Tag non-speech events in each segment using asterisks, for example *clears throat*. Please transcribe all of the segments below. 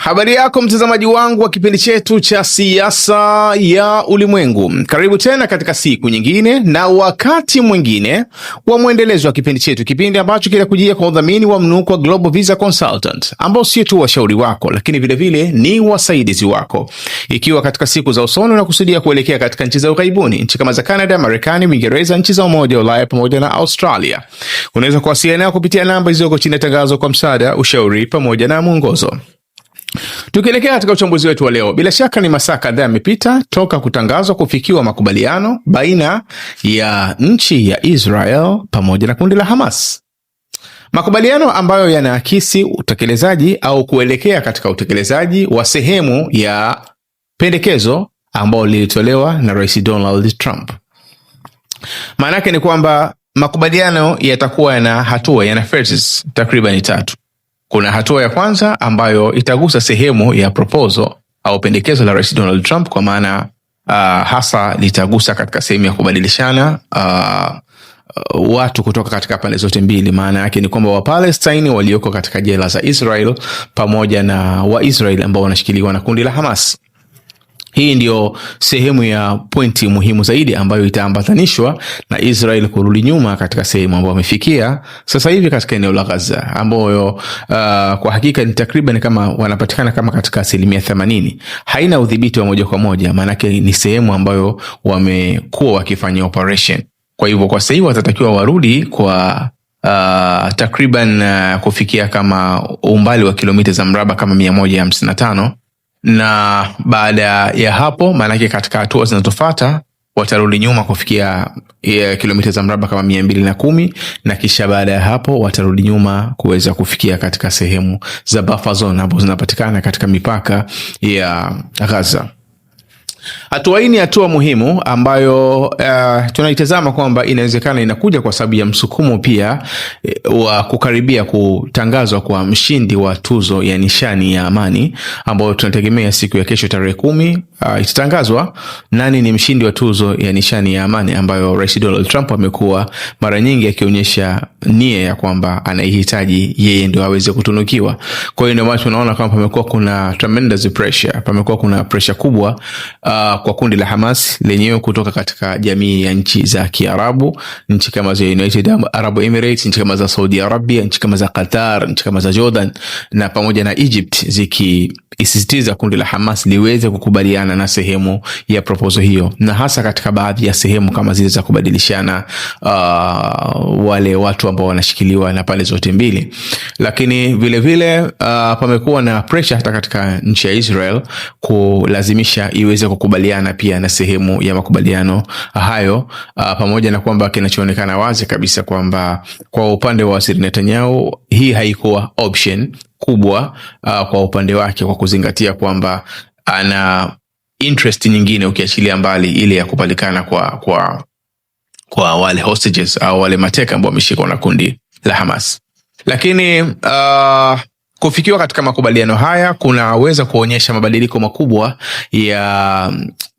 Habari yako mtazamaji wangu wa kipindi chetu cha siasa ya ulimwengu, karibu tena katika siku nyingine na wakati mwingine wa mwendelezo wa kipindi chetu, kipindi ambacho kinakujia kwa udhamini wa mnuko wa Global Visa Consultant, ambao sio tu washauri wako, lakini vilevile vile ni wasaidizi wako, ikiwa katika siku za usoni unakusudia kuelekea katika nchi za ughaibuni, nchi kama za Canada, Marekani, Uingereza, nchi za Umoja wa Ulaya pamoja na Australia. Unaweza kuwasiliana nao kupitia namba zilizoko chini ya tangazo kwa msaada, ushauri pamoja na mwongozo. Tukielekea katika uchambuzi wetu wa leo, bila shaka ni masaa kadhaa yamepita toka kutangazwa kufikiwa makubaliano baina ya nchi ya Israel pamoja na kundi la Hamas, makubaliano ambayo yanaakisi utekelezaji au kuelekea katika utekelezaji wa sehemu ya pendekezo ambayo lilitolewa na Rais Donald Trump. Maana yake ni kwamba makubaliano yatakuwa yana hatua, yana phases takriban tatu. Kuna hatua ya kwanza ambayo itagusa sehemu ya proposal au pendekezo la Rais Donald Trump kwa maana uh, hasa litagusa katika sehemu ya kubadilishana uh, watu kutoka katika pande zote mbili. Maana yake ni kwamba Wapalestine walioko katika jela za Israel pamoja na Waisrael ambao wanashikiliwa na kundi la Hamas hii ndiyo sehemu ya pointi muhimu zaidi ambayo itaambatanishwa na Israel kurudi nyuma katika sehemu ambayo wamefikia sasa hivi katika eneo la Gaza, ambayo uh, kwa hakika ni takriban kama wanapatikana kama katika asilimia themanini. Haina udhibiti wa moja kwa moja, maanake ni sehemu ambayo wamekuwa wakifanya operation. Kwa hivyo kwa sasa hivi watatakiwa warudi kwa uh, takriban uh, kufikia kama umbali wa kilomita za mraba kama mia moja hamsini na tano na baada ya hapo, maanake katika hatua zinazofata watarudi nyuma kufikia e, kilomita za mraba kama mia mbili na kumi na kisha baada ya hapo watarudi nyuma kuweza kufikia katika sehemu za bafazon ambao ambazo zinapatikana katika mipaka ya Gaza. Hatua hii ni hatua muhimu ambayo uh, tunaitazama kwamba inawezekana inakuja kwa sababu ya msukumo pia eh, wa kukaribia kutangazwa kwa mshindi wa tuzo ya nishani ya amani ambayo tunategemea siku ya kesho tarehe kumi uh, itatangazwa nani ni mshindi wa tuzo ya nishani ya amani ambayo Rais Donald Trump amekuwa mara nyingi akionyesha nia ya kwamba anaihitaji yeye ndio aweze kutunukiwa. Kwa hiyo ndio maana tunaona kwamba pamekuwa kuna tremendous pressure, pamekuwa kuna pressure kubwa uh, uh, kwa kundi la Hamas lenyewe kutoka katika jamii ya nchi za Kiarabu, nchi kama za United Arab Emirates, nchi kama za Saudi Arabia, nchi kama za Qatar, nchi kama za Jordan na pamoja na Egypt ziki isisitiza kundi la Hamas liweze kukubaliana na sehemu ya proposal hiyo, na hasa katika baadhi ya sehemu kama zile za kubadilishana uh, wale watu ambao wanashikiliwa na pande zote mbili, lakini vilevile vile, uh, pamekuwa na pressure hata katika nchi ya Israel kulazimisha iweze kukubaliana pia na sehemu ya makubaliano hayo, ah, pamoja na kwamba kinachoonekana wazi kabisa kwamba kwa upande wa Waziri Netanyahu hii haikuwa option kubwa ah, kwa upande wake, kwa kuzingatia kwamba ana interest nyingine, ukiachilia mbali ile ya kupatikana kwa, kwa, kwa wale hostages au wale mateka ambao wameshikwa na kundi la Hamas, lakini uh, Kufikiwa katika makubaliano haya kunaweza kuonyesha mabadiliko makubwa ya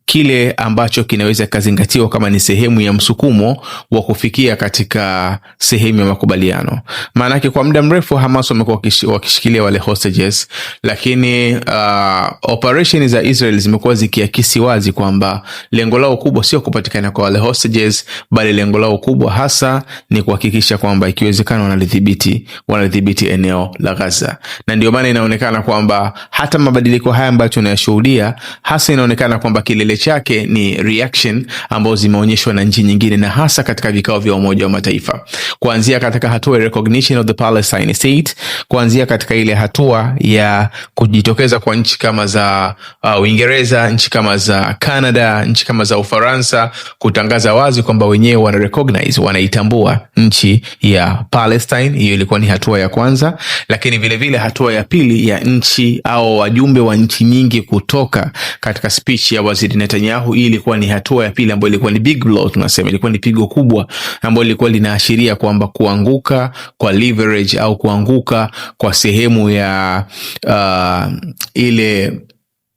kile ambacho kinaweza kazingatiwa kama ni sehemu ya msukumo wa kufikia katika sehemu ya makubaliano. Maanake kwa muda mrefu Hamas wamekuwa wakishikilia wale hostages, lakini uh, operation za Israel zimekuwa zikiakisi wazi kwamba lengo lao kubwa sio kupatikana kwa wale hostages, bali lengo lao kubwa hasa ni kuhakikisha kwamba ikiwezekana wanalidhibiti wanalidhibiti eneo la Gaza, na ndio maana inaonekana kwamba hata mabadiliko haya ambayo tunayashuhudia hasa inaonekana kwamba kile kilele chake ni reaction ambazo zimeonyeshwa na nchi nyingine na hasa katika vikao vya Umoja wa Mataifa, kuanzia katika hatua ya recognition of the Palestine state, kuanzia katika ile hatua ya kujitokeza kwa nchi kama za uh, Uingereza, nchi kama za Canada, nchi kama za Ufaransa kutangaza wazi kwamba wenyewe wana recognize, wanaitambua nchi ya Palestine. Hiyo ilikuwa ni hatua ya kwanza, lakini vilevile vile hatua ya pili ya nchi au wajumbe wa nchi nyingi kutoka katika speech ya waziri Netanyahu. Hii ilikuwa ni hatua ya pili ambayo ilikuwa ni big blow, tunasema ilikuwa ni pigo kubwa ambayo ilikuwa linaashiria kwamba kuanguka kwa leverage au kuanguka kwa sehemu ya uh, ile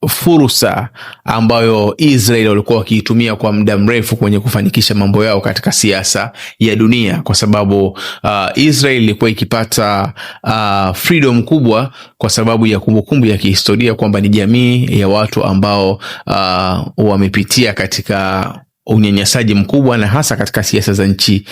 fursa ambayo Israel walikuwa wakiitumia kwa muda mrefu kwenye kufanikisha mambo yao katika siasa ya dunia, kwa sababu uh, Israel ilikuwa ikipata uh, freedom kubwa kwa sababu ya kumbukumbu ya kihistoria kwamba ni jamii ya watu ambao uh, wamepitia katika unyanyasaji mkubwa na hasa katika siasa za nchi,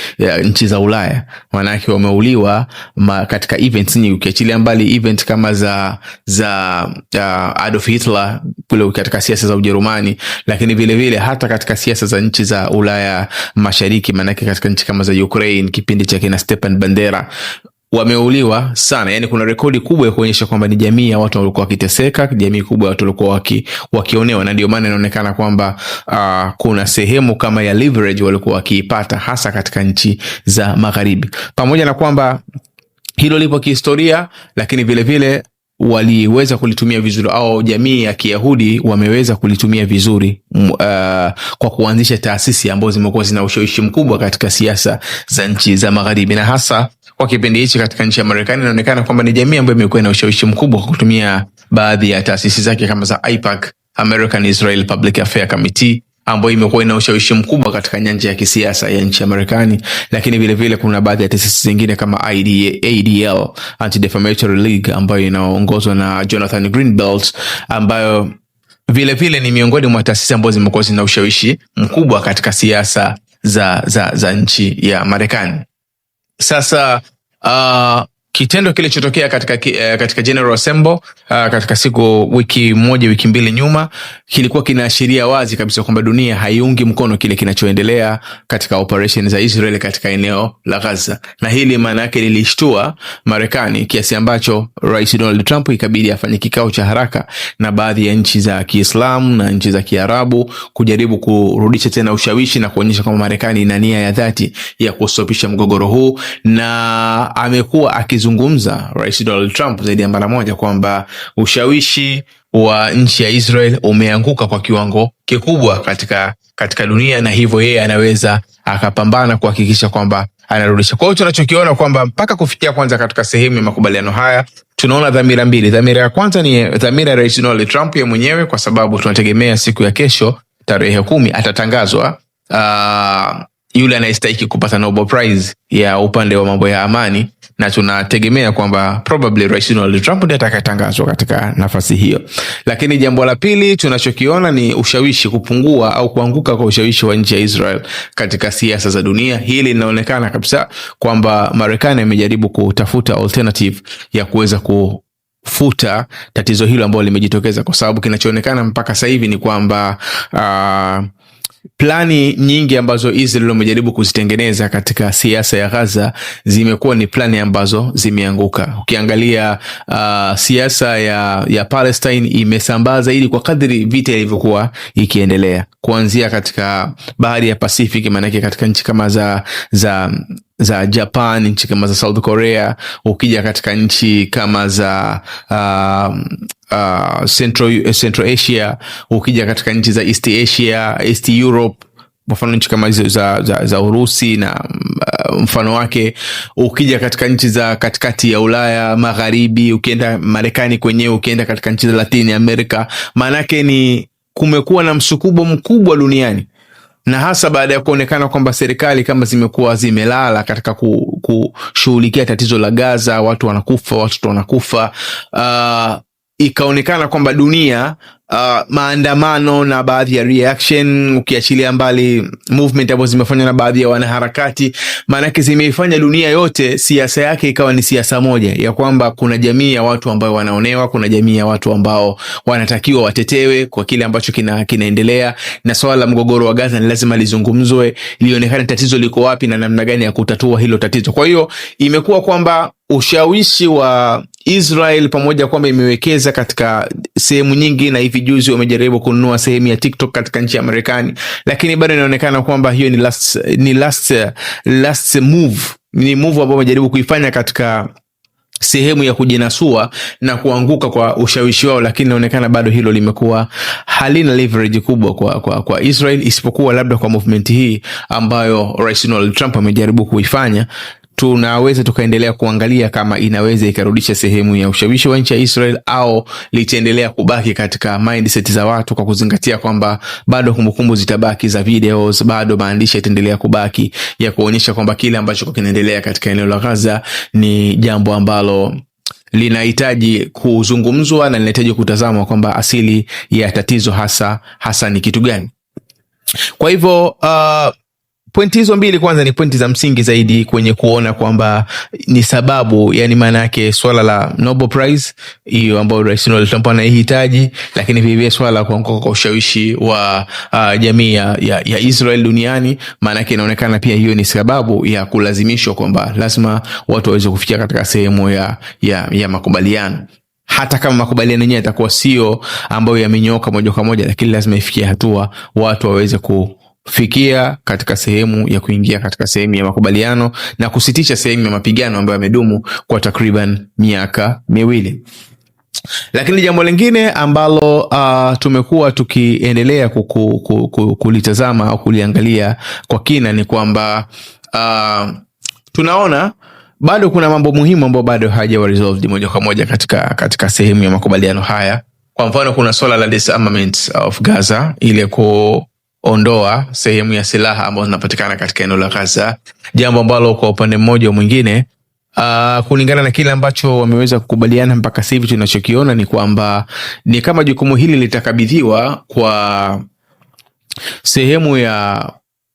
nchi za Ulaya. Maanake wameuliwa ma, katika events nyingi, ukiachilia mbali event kama za za uh, Adolf Hitler kule katika siasa za Ujerumani, lakini vilevile vile, hata katika siasa za nchi za Ulaya Mashariki, maanake katika nchi kama za Ukraine kipindi cha kina Stepan Bandera wameuliwa sana, yani kuna rekodi kubwa ya kuonyesha kwamba ni jamii ya watu waliokuwa wakiteseka, jamii kubwa ya watu waliokuwa waki, wakionewa, na ndio maana inaonekana kwamba uh, kuna sehemu kama ya leverage walikuwa wakiipata hasa katika nchi za magharibi, pamoja na kwamba hilo lipo kihistoria, lakini vilevile vile, waliweza kulitumia vizuri au jamii ya Kiyahudi wameweza kulitumia vizuri uh, kwa kuanzisha taasisi ambazo zimekuwa zina ushawishi mkubwa katika siasa za nchi za magharibi na hasa kwa kipindi hichi katika nchi ya Marekani inaonekana kwamba ni jamii ambayo imekuwa na ushawishi mkubwa kwa kutumia baadhi ya taasisi zake kama za AIPAC, American Israel Public Affair Committee ambayo imekuwa ina ushawishi mkubwa katika nyanja ya kisiasa ya nchi ya Marekani, lakini vilevile kuna baadhi ya taasisi zingine kama IDA, ADL, Anti-Defamatory League ambayo inaongozwa na Jonathan Greenblatt ambayo vilevile ni miongoni mwa taasisi ambazo zimekuwa zina ushawishi mkubwa katika siasa za, za, za nchi ya Marekani. Sasa Uh, kitendo kilichotokea katika, eh, katika General Assembly, uh, eh, katika siku wiki moja wiki mbili nyuma kilikuwa kinaashiria wazi kabisa kwamba dunia haiungi mkono kile kinachoendelea katika operation za Israel katika eneo la Gaza, na hili maana yake lilishtua Marekani kiasi ambacho Rais Donald Trump ikabidi afanye kikao cha haraka na baadhi ya nchi za Kiislamu na nchi za Kiarabu kujaribu kurudisha tena ushawishi na kuonyesha kwamba Marekani ina nia ya dhati ya kusopisha mgogoro huu na amekuwa aki alizungumza Rais Donald Trump zaidi ya mara moja kwamba ushawishi wa nchi ya Israel umeanguka kwa kiwango kikubwa katika, katika dunia na hivyo yeye anaweza akapambana kuhakikisha kwamba anarudisha. Kwa hiyo tunachokiona kwamba mpaka kufikia kwanza katika sehemu ya makubaliano haya tunaona dhamira mbili. Dhamira ya kwanza ni dhamira ya Rais Donald Trump ye mwenyewe, kwa sababu tunategemea siku ya kesho tarehe kumi atatangazwa uh, yule anayestahiki kupata Nobel Prize ya upande wa mambo ya amani na tunategemea kwamba probably Rais Donald Trump ndiye atakayetangazwa katika nafasi hiyo. Lakini jambo la pili tunachokiona ni ushawishi kupungua au kuanguka kwa ushawishi wa nchi ya Israel katika siasa za dunia. Hili linaonekana kabisa kwamba Marekani amejaribu kutafuta alternative ya kuweza ku futa tatizo hilo ambalo limejitokeza kwa sababu kinachoonekana mpaka sasa hivi ni kwamba uh, plani nyingi ambazo Israel wamejaribu kuzitengeneza katika siasa ya Gaza zimekuwa ni plani ambazo zimeanguka. Ukiangalia uh, siasa ya, ya Palestine imesambaa zaidi kwa kadhiri vita ilivyokuwa ikiendelea, kuanzia katika bahari ya Pacific, maanake katika nchi kama za, za za Japan, nchi kama za South Korea, ukija katika nchi kama za uh, uh, Central, eh, Central Asia, ukija katika nchi za East Asia, East Europe mfano nchi kama hizo za, za, za Urusi na uh, mfano wake. Ukija katika nchi za katikati ya Ulaya Magharibi, ukienda Marekani kwenyewe, ukienda katika nchi za Latini Amerika, maanake ni kumekuwa na msukubo mkubwa duniani na hasa baada ya kuonekana kwamba serikali kama zimekuwa zimelala katika kushughulikia tatizo la Gaza, watu wanakufa, watoto wanakufa. Uh, ikaonekana kwamba dunia uh, maandamano na baadhi ya reaction, ukiachilia mbali movement ambazo zimefanywa na baadhi ya wanaharakati, maanake zimeifanya dunia yote siasa yake ikawa ni siasa moja ya kwamba kuna jamii ya watu ambao wanaonewa, kuna jamii ya watu ambao wanatakiwa watetewe kwa kile ambacho kina, kinaendelea na swala la mgogoro wa Gaza ni lazima lizungumzwe, lionekane tatizo liko wapi na namna gani ya kutatua hilo tatizo. Kwa hiyo imekuwa kwamba ushawishi wa Israel pamoja kwamba imewekeza katika sehemu nyingi, na hivi juzi wamejaribu kununua sehemu ya TikTok katika nchi ya Marekani, lakini bado inaonekana kwamba hiyo ni last, ni last, last move, ni move ambayo wamejaribu kuifanya katika sehemu ya kujinasua na kuanguka kwa ushawishi wao, lakini inaonekana bado hilo limekuwa halina leverage kubwa kwa, kwa, kwa Israel isipokuwa labda kwa movement hii ambayo Rais Donald Trump amejaribu kuifanya tunaweza tukaendelea kuangalia kama inaweza ikarudisha sehemu ya ushawishi wa nchi ya Israel au litaendelea kubaki katika mindset za watu, kwa kuzingatia kwamba bado kumbukumbu zitabaki za videos, bado maandishi yataendelea kubaki ya kuonyesha kwamba kile ambacho kinaendelea katika eneo la Gaza ni jambo ambalo linahitaji kuzungumzwa na linahitaji kutazamwa kwamba asili ya tatizo hasa hasa ni kitu gani. Kwa hivyo uh, pointi hizo mbili kwanza ni pointi za msingi zaidi kwenye kuona kwamba ni sababu, yani maana yake swala la Nobel Prize hiyo ambayo Rais Donald Trump anaihitaji, lakini vilevile swala la kuanguka kwa ushawishi wa uh, jamii ya, ya Israel duniani, maana yake inaonekana pia hiyo ni sababu ya kulazimishwa kwamba lazima watu waweze kufikia katika sehemu ya, ya, ya makubaliano hata kama makubaliano yenyewe yatakuwa sio ambayo yamenyoka moja kwa moja, lakini lazima ifikie hatua watu waweze ku kufikia katika sehemu ya kuingia katika sehemu ya makubaliano na kusitisha sehemu ya mapigano ambayo yamedumu kwa takriban miaka miwili. Lakini jambo lingine ambalo uh, tumekuwa tukiendelea kulitazama au kuliangalia kwa kina ni kwamba uh, tunaona bado kuna mambo muhimu ambayo bado hayajawa resolved moja kwa moja katika, katika sehemu ya makubaliano haya. Kwa mfano kuna swala la disarmament of Gaza ile ku ondoa sehemu ya silaha ambazo zinapatikana katika eneo la Gaza, jambo ambalo kwa upande mmoja au mwingine Uh, kulingana na kile ambacho wameweza kukubaliana mpaka sasa hivi, tunachokiona ni kwamba ni kama jukumu hili litakabidhiwa kwa sehemu ya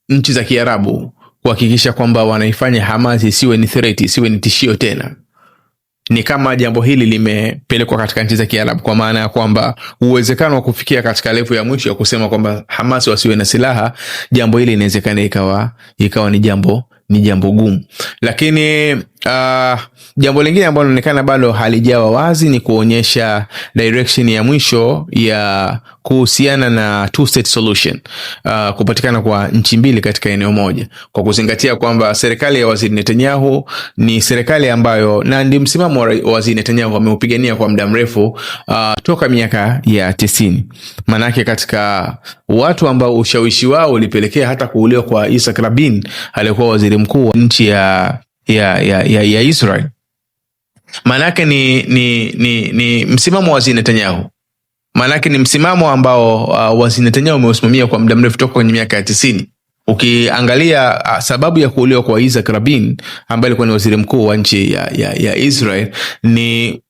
nchi za Kiarabu kuhakikisha kwamba wanaifanya Hamas isiwe ni threat, isiwe ni tishio tena ni kama jambo hili limepelekwa katika nchi za Kiarabu, kwa maana ya kwamba uwezekano wa kufikia katika levu ya mwisho ya kusema kwamba Hamas wasiwe na silaha, jambo hili inawezekana ikawa ikawa ni jambo ni jambo gumu, lakini Uh, jambo lingine ambalo linaonekana bado halijawa wazi ni kuonyesha direction ya mwisho ya kuhusiana na two state solution, uh, kupatikana kwa nchi mbili katika eneo moja, kwa kuzingatia kwamba serikali ya Waziri Netanyahu ni serikali ambayo na ndi msimamo wa Waziri Netanyahu ameupigania kwa muda mrefu, uh, toka miaka ya tisini. Manake katika watu ambao ushawishi wao ulipelekea hata kuuliwa kwa Isaac Rabin aliyekuwa waziri mkuu wa nchi ya ya, ya, ya, ya Israel. Maanake ni, ni, ni, ni msimamo wa waziri Netanyahu, maanake ni msimamo ambao uh, waziri Netanyahu umeusimamia kwa muda mrefu toka kwenye miaka ya tisini. Ukiangalia uh, sababu ya kuuliwa kwa Isaac Rabin ambaye alikuwa ni waziri mkuu wa nchi ya, ya, ya Israel ni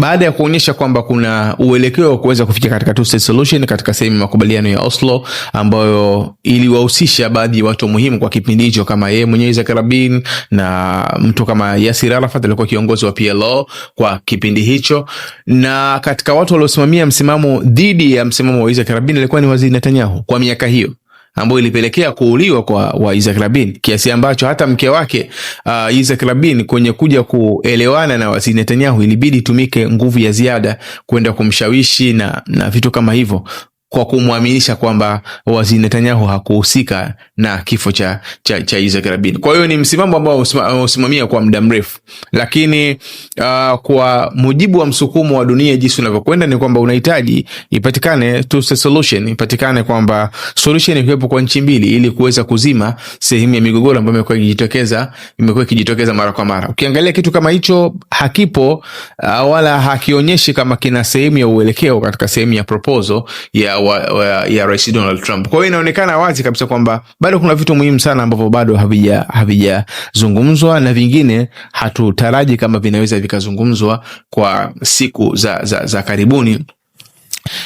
baada ya kuonyesha kwamba kuna uelekeo wa kuweza kufikia katika two state solution katika sehemu ya makubaliano ya Oslo ambayo iliwahusisha baadhi ya watu muhimu kwa kipindi hicho kama yeye mwenyewe Isaac Rabin na mtu kama Yasir Arafat alikuwa kiongozi wa PLO kwa kipindi hicho, na katika watu waliosimamia msimamo dhidi ya msimamo wa Isaac Rabin alikuwa ni waziri Netanyahu kwa miaka hiyo ambayo ilipelekea kuuliwa kwa wa Isaac Rabin, kiasi ambacho hata mke wake uh, Isaac Rabin kwenye kuja kuelewana na Waziri Netanyahu ilibidi itumike nguvu ya ziada kwenda kumshawishi na, na vitu kama hivyo kwa kumwaminisha kwamba waziri Netanyahu hakuhusika na kifo cha, cha, cha Isaac Rabin. Kwa hiyo ni msimamo ambao usimamia kwa muda mrefu, lakini uh, kwa mujibu wa msukumo wa dunia jinsi unavyokwenda ni kwamba unahitaji ipatikane two-state solution, ipatikane kwamba solution ikiwepo kwa nchi mbili ili kuweza kuzima sehemu ya migogoro ambayo imekuwa ikijitokeza imekuwa ikijitokeza mara kwa mara. Ukiangalia kitu kama hicho hakipo, uh, wala hakionyeshi kama kina sehemu ya uelekeo katika sehemu ya proposal ya wa, wa, ya Rais Donald Trump. Kwa hiyo inaonekana wazi kabisa kwamba bado kuna vitu muhimu sana ambavyo bado havija havijazungumzwa na vingine hatutaraji kama vinaweza vikazungumzwa kwa siku za, za, za karibuni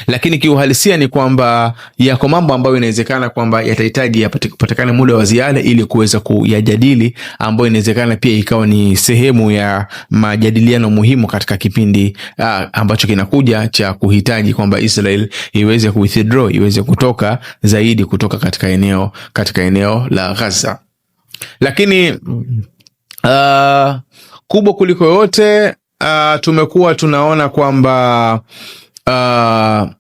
lakini kiuhalisia ni kwamba yako mambo ambayo inawezekana kwamba yatahitaji yapatikane muda wa ziada ili kuweza kuyajadili, ambayo inawezekana pia ikawa ni sehemu ya majadiliano muhimu katika kipindi ah, ambacho kinakuja cha kuhitaji kwamba Israel iweze kuwithdraw, iweze kutoka zaidi kutoka katika eneo katika eneo la Gaza, lakini uh, kubwa kuliko yote uh, tumekuwa tunaona kwamba uh,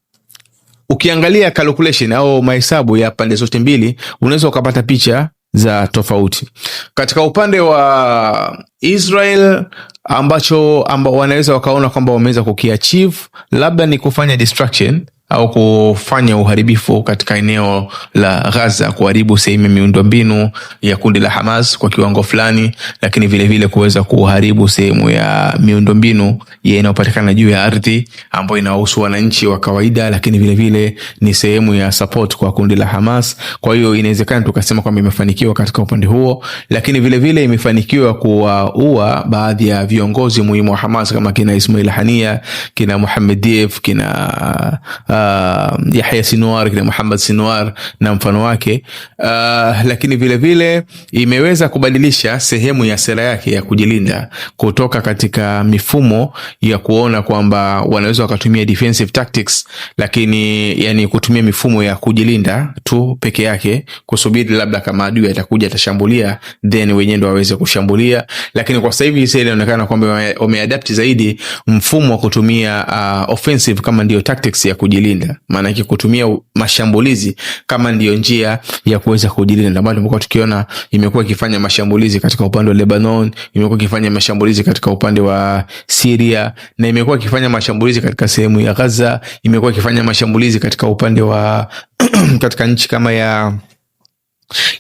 ukiangalia calculation au mahesabu ya pande zote mbili unaweza ukapata picha za tofauti katika upande wa Israel ambacho amba wanaweza wakaona kwamba wameweza kukiachieve labda ni kufanya destruction au kufanya uharibifu katika eneo la Gaza, kuharibu sehemu ya miundombinu ya kundi la Hamas kwa kiwango fulani, lakini vilevile kuweza kuharibu sehemu ya miundombinu inayopatikana juu ya ardhi ambayo inahusu wananchi wa kawaida, lakini vilevile ni sehemu ya support kwa kundi la Hamas. Kwa hiyo inawezekana tukasema kwamba imefanikiwa katika upande huo, lakini vilevile imefanikiwa kuwaua baadhi ya viongozi muhimu wa Hamas kama kina Ismail Hania, kina Mohamed Diev, kina uh, uh, Yahya Sinwar kina Muhammad Sinwar na mfano wake uh, lakini vilevile vile, imeweza kubadilisha sehemu ya sera yake ya kujilinda kutoka katika mifumo ya kuona kwamba wanaweza wakatumia defensive tactics, lakini yani kutumia mifumo ya kujilinda tu peke yake, kusubiri labda kama adui atakuja atashambulia, then wenyewe ndo waweze kushambulia. Lakini kwa sasa hivi sasa inaonekana kwamba wameadapt zaidi mfumo wa kutumia uh, offensive kama ndio tactics ya kujilinda kujilinda, maana yake kutumia mashambulizi kama ndiyo njia ya kuweza kujilinda. Ndio maana tumekuwa tukiona imekuwa ikifanya mashambulizi katika upande wa Lebanon, imekuwa ikifanya mashambulizi katika upande wa Syria, na imekuwa ikifanya mashambulizi katika sehemu ya Gaza, imekuwa ikifanya mashambulizi katika upande wa *clears throat* katika nchi kama ya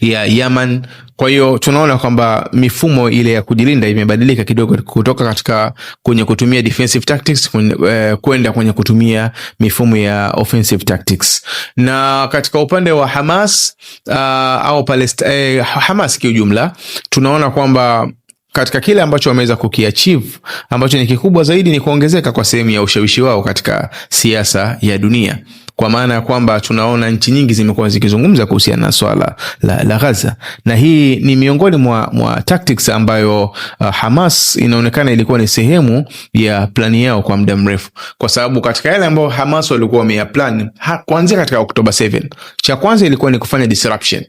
ya Yaman. Kwa hiyo tunaona kwamba mifumo ile ya kujilinda imebadilika kidogo kutoka katika kwenye kutumia defensive tactics eh, kwenda kwenye kutumia mifumo ya offensive tactics. Na katika upande wa Hamas uh, au Palestina, eh, Hamas kiujumla tunaona kwamba katika kile ambacho wameweza kukiachieve ambacho ni kikubwa zaidi ni kuongezeka kwa sehemu ya ushawishi wao katika siasa ya dunia kwa maana ya kwamba tunaona nchi nyingi zimekuwa zikizungumza kuhusiana na swala la, la Gaza na hii ni miongoni mwa, mwa tactics ambayo uh, Hamas inaonekana ilikuwa ni sehemu ya plani yao kwa muda mrefu, kwa sababu katika yale ambayo Hamas walikuwa wameyaplan kuanzia katika Oktoba 7 cha kwanza ilikuwa ni kufanya disruption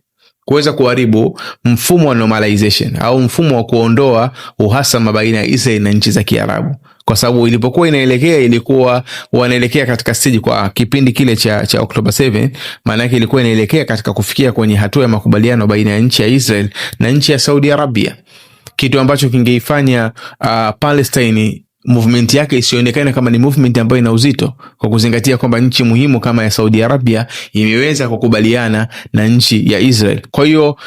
kuweza kuharibu mfumo wa normalization au mfumo wa kuondoa uhasama baina ya Israel na nchi za Kiarabu kwa sababu ilipokuwa inaelekea ilikuwa wanaelekea katika stage kwa kipindi kile cha, cha Oktoba 7 maana yake ilikuwa inaelekea katika kufikia kwenye hatua ya makubaliano baina ya nchi ya Israel na nchi ya Saudi Arabia, kitu ambacho kingeifanya uh, Palestine movement yake isionekane kama ni movement ambayo ina uzito kwa kuzingatia kwamba nchi muhimu kama ya Saudi Arabia imeweza kukubaliana na nchi ya Israel. Kwa hiyo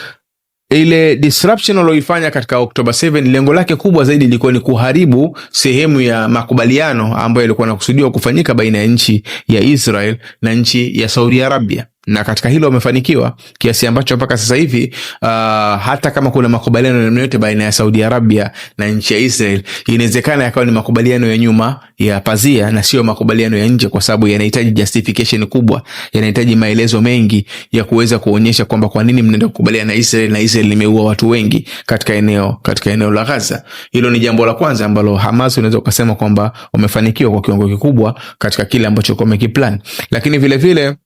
ile disruption walioifanya katika Oktoba 7 lengo lake kubwa zaidi ilikuwa ni kuharibu sehemu ya makubaliano ambayo yalikuwa yanakusudiwa kufanyika baina ya nchi ya Israel na nchi ya Saudi Arabia na katika hilo wamefanikiwa kiasi ambacho mpaka sasa hivi uh, hata kama kuna makubaliano yoyote baina ya Saudi Arabia na nchi ya Israel, inawezekana yakawa ni makubaliano ya nyuma ya pazia na sio makubaliano ya nje, kwa sababu yanahitaji justification kubwa, yanahitaji maelezo mengi ya kuweza kuonyesha kwamba kwa nini mnaenda kukubaliana na Israel na Israel limeua watu wengi katika eneo katika eneo la Gaza. Hilo ni jambo la kwanza ambalo Hamas unaweza ukasema kwamba wamefanikiwa kwa kiwango kikubwa katika kile ambacho kwa mekiplan, lakini vilevile vile,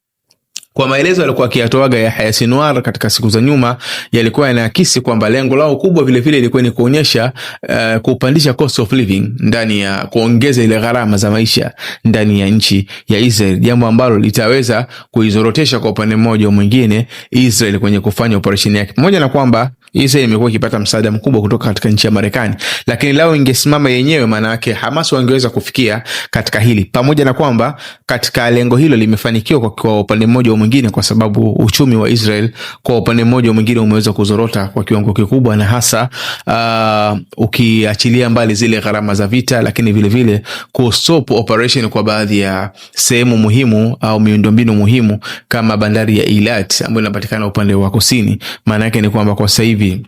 kwa maelezo yalikuwa akiyatoaga Yahya Sinwar katika siku za nyuma, yalikuwa yanaakisi kwamba lengo lao kubwa vilevile ilikuwa ni kuonyesha uh, kupandisha cost of living ndani ya kuongeza ile gharama za maisha ndani ya nchi ya Israel, jambo ambalo litaweza kuizorotesha kwa upande mmoja au mwingine Israel kwenye kufanya operesheni yake, pamoja na kwamba Israel imekuwa ikipata msaada mkubwa kutoka katika nchi ya Marekani, lakini lao ingesimama yenyewe, maana yake Hamas wangeweza kufikia katika hili, pamoja na kwamba katika lengo hilo limefanikiwa kwa kwa upande mmoja au mwingine, kwa sababu uchumi wa Israel kwa upande mmoja au mwingine umeweza kuzorota kwa kiwango kikubwa, na hasa uh, ukiachilia mbali zile gharama za vita, lakini vile vile ku stop operation kwa baadhi ya sehemu muhimu au miundombinu muhimu kama bandari ya Eilat ambayo inapatikana upande wa kusini. Maana yake ni kwamba kwa sasa hivi hivi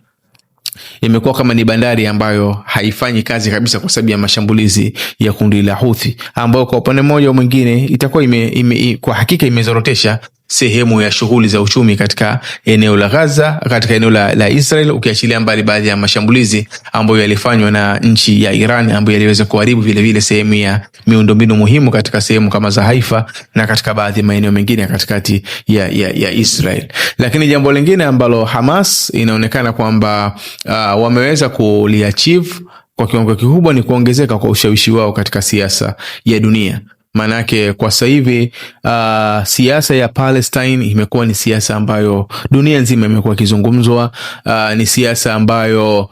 imekuwa kama ni bandari ambayo haifanyi kazi kabisa kwa sababu ya mashambulizi ya kundi la Houthi ambayo kwa upande mmoja au mwingine itakuwa ime, ime, kwa hakika imezorotesha sehemu ya shughuli za uchumi katika eneo la Gaza, katika eneo la, la Israel, ukiachilia mbali baadhi ya mashambulizi ambayo yalifanywa na nchi ya Iran ambayo yaliweza kuharibu vilevile sehemu ya miundombinu muhimu katika sehemu kama za Haifa na katika baadhi ya maeneo mengine ya katikati ya, ya, ya Israel. Lakini jambo lingine ambalo Hamas inaonekana kwamba uh, wameweza kuliachieve kwa kiwango kikubwa ni kuongezeka kwa ushawishi wao katika siasa ya dunia. Maanake kwa sasa hivi uh, siasa ya Palestine imekuwa ni siasa ambayo dunia nzima imekuwa ikizungumzwa. Uh, ni siasa ambayo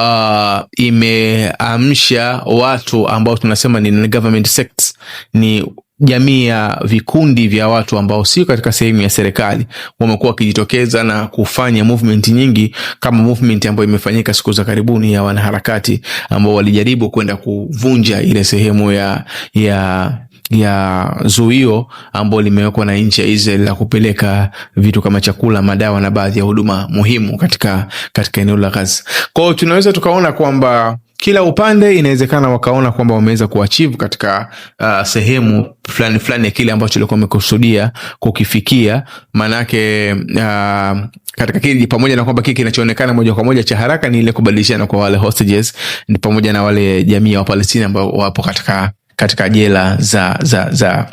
Uh, imeamsha watu ambao tunasema ni government sects, ni jamii ya vikundi vya watu ambao sio katika sehemu ya serikali, wamekuwa wakijitokeza na kufanya movement nyingi, kama movement ambayo imefanyika siku za karibuni ya wanaharakati ambao walijaribu kwenda kuvunja ile sehemu ya ya ya zuio ambalo limewekwa na nchi ya Israel la kupeleka vitu kama chakula, madawa na baadhi ya huduma muhimu katika, katika eneo la Gaza. Kwa hiyo tunaweza tukaona kwamba kila upande inawezekana wakaona kwamba wameweza kuachieve katika uh, sehemu fulani fulani ya kile ambacho ilikuwa amekusudia kukifikia. Maanake uh, katika kile pamoja na kwamba kile kinachoonekana moja kwa moja cha haraka ni ile kubadilishana kwa wale hostages ni pamoja na wale jamii ya Wapalestina ambao wapo katika katika jela za, za, za,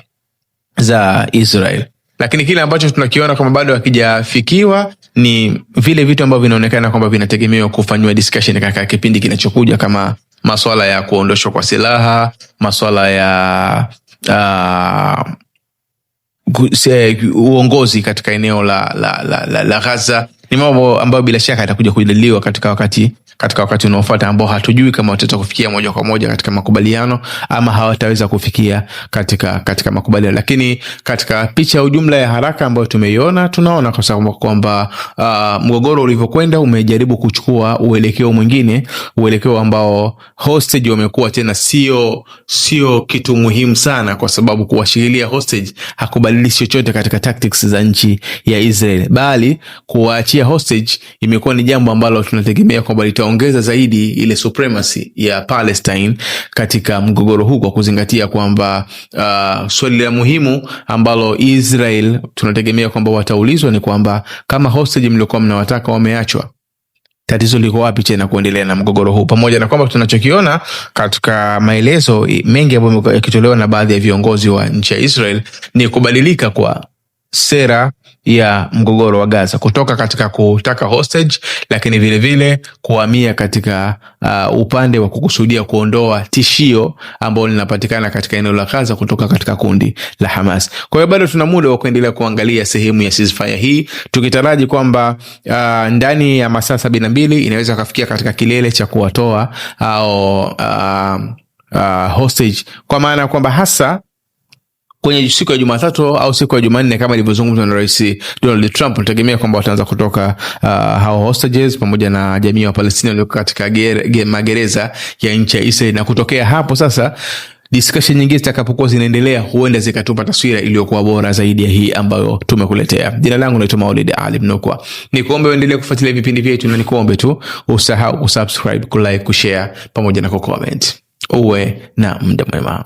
za Israel. Lakini kile ambacho tunakiona kwamba bado hakijafikiwa ni vile vitu ambavyo vinaonekana kwamba vinategemewa kufanyiwa discussion katika kipindi kinachokuja kama maswala ya kuondoshwa kwa silaha, maswala ya uh, uongozi katika eneo la, la, la, la, la Gaza ni mambo ambayo bila shaka yatakuja kujadiliwa katika wakati katika wakati unaofuata ambao hatujui kama wataweza kufikia moja kwa moja katika makubaliano ama hawataweza kufikia katika, katika makubaliano. Lakini katika picha ya ujumla ya haraka ambayo tumeiona, tunaona kwa sababu kwamba uh, mgogoro ulivyokwenda umejaribu kuchukua uelekeo mwingine, uelekeo ambao hostage wamekuwa tena sio sio kitu muhimu sana, kwa sababu kuwashikilia hostage hakubadilishi chochote katika tactics za nchi ya Israel, bali kuwaachia hostage imekuwa ni jambo ambalo tunategemea kwamba litoa itaongeza zaidi ile supremacy ya Palestine katika mgogoro huu, kwa kuzingatia kwamba uh, swali la muhimu ambalo Israel tunategemea kwamba wataulizwa ni kwamba kama hostage mliokuwa mnawataka wameachwa tatizo liko wapi tena kuendelea na mgogoro huu, pamoja na kwamba tunachokiona katika maelezo mengi ambayo yakitolewa na baadhi ya viongozi wa nchi ya Israel ni kubadilika kwa sera ya mgogoro wa Gaza, kutoka katika kutaka hostage, lakini vilevile kuhamia katika uh, upande wa kukusudia kuondoa tishio ambalo linapatikana katika eneo la Gaza kutoka katika kundi la Hamas. Kwa hiyo bado tuna muda wa kuendelea kuangalia sehemu ya ceasefire hii, tukitaraji kwamba uh, ndani ya masaa sabini na mbili inaweza kafikia katika kilele cha kuwatoa au uh, uh, hostage kwa maana ya kwamba hasa kwenye siku ya Jumatatu au siku ya Jumanne kama ilivyozungumzwa na Rais Donald Trump. Nategemea kwamba wataanza kutoka uh, hao hostages pamoja na jamii ya Wapalestina walioko katika magereza ya nchi ya Israel na kutokea hapo sasa discussion nyingine zitakapokuwa zinaendelea huenda zikatupa taswira iliyokuwa bora zaidi ya hii ambayo tumekuletea. Jina langu naitwa Maulid Ali Mnukwa, ni kuombe uendelee kufuatilia vipindi vyetu na nikuombe tu usahau kusubscribe, kulike, kushare pamoja na kucomment. Uwe na muda mwema.